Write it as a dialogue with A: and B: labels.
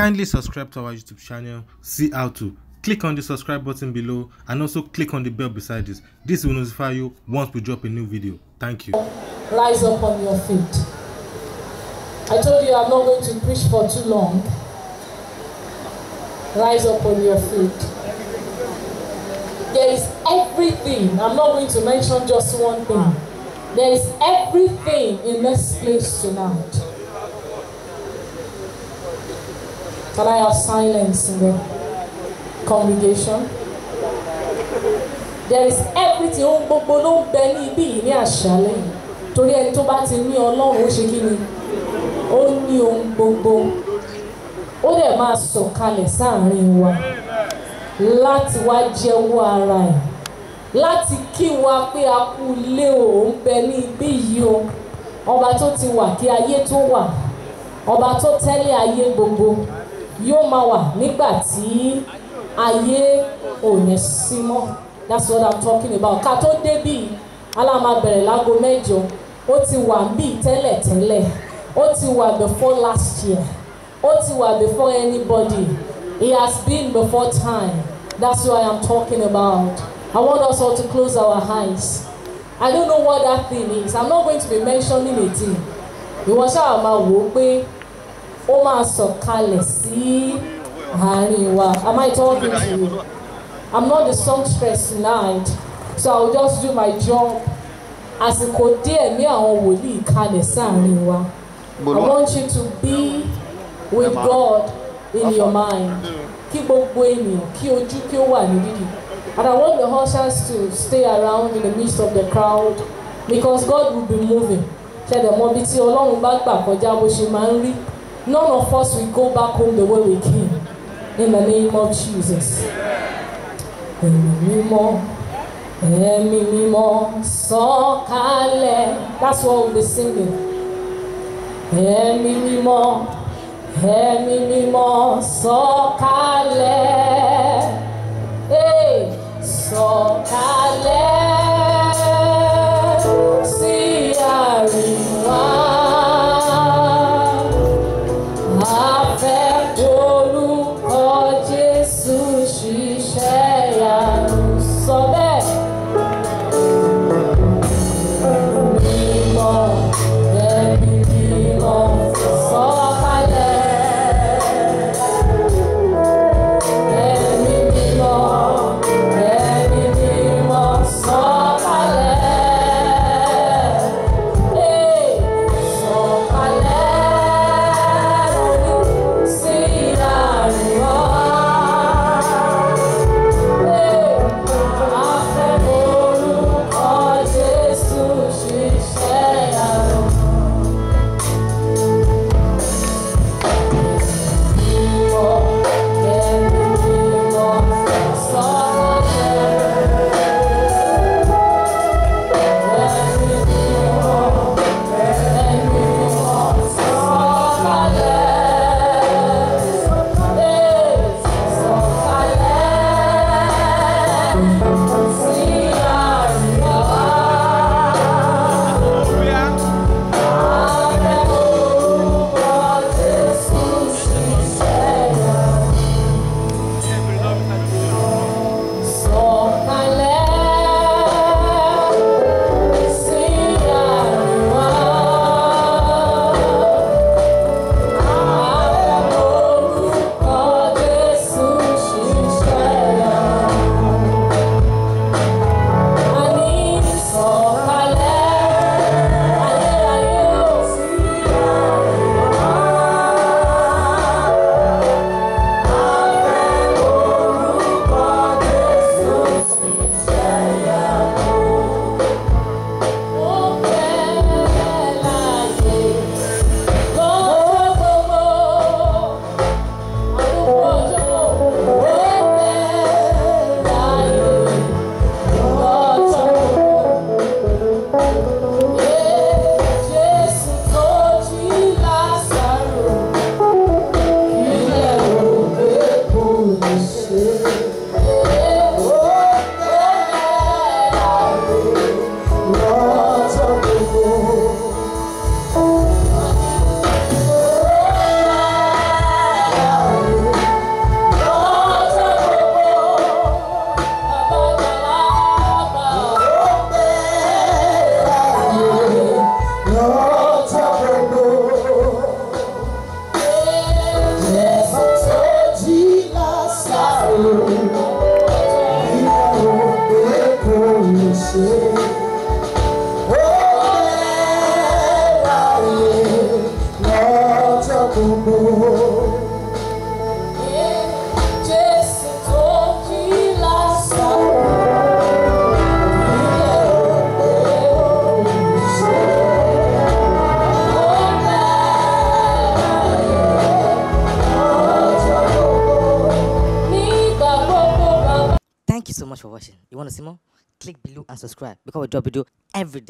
A: Kindly subscribe to our YouTube channel, see how to. Click on the subscribe button below and also click on the bell beside this. This will notify you once we drop a new video. Thank you. Rise up on your feet. I told you I'm not going to preach for too long. Rise up on your feet. There is everything. I'm not going to mention just one thing. There is everything in this place tonight. Can I have silence in the congregation? There is everything ohun gbogbo ló ń bẹ ní ibí yìí ní àṣálẹ̀ torí ẹni tó bá ti ní Ọlọ́run ó ṣe kí ni ó ní ohun gbogbo ó dẹ̀ máa sọ̀kalẹ̀ sáàárín wa láti wá jẹ́wọ́ ara ẹ̀ láti kí wa pé a kú ilé òun bẹ ní ibí yìí o ọba tó ti wà kí ayé tó wà ọba tó tẹ́lẹ̀ ayé gbogbo yóò máa wà nígbà tí ayé ò sí mọ́ that's what i'm talking about ká tó débì alámàbẹ̀rẹ̀ láago mẹ́jọ ó ti wà bí tẹ́lẹ̀ tẹ́lẹ̀ ó ti wà before last year ó ti wà before anybody He has been before time that's what i'm talking about i want us all to close our eyes i don't know what that thing is i'm not going to be mentioning it in ìwọ ṣáà máa wò ó pé máa sọ̀kalẹ̀ sí àárín wa am I talking to you I'm not the songstress tonight so I will just do my job àsìkò díẹ̀ ní àwọn wòlíì kalẹ̀ sáàárín wa I want you to be with God in your mind kí gbogbo ènìyàn kí ojú kí ó wà ní dídì and I want the ushers to stay around in the midst of the crowd because God will be moving ṣẹ̀dẹ̀ mọ́bi tí Ọlọ́run bá gbà kọjá bó ṣe máa ń rí none of us will go back home the way we came. In the name of Jesus. Ẹ̀mí mímọ́, ẹ̀mí mímọ́, sọ̀kalẹ̀. That's what we'll be singing. Ẹ̀mí mímọ́, ẹ̀mí mímọ́, sọ̀kalẹ̀. Hey,
B: sọ̀kalẹ̀. você.
A: Osimo, click below and subscribe
B: because we drop video every day.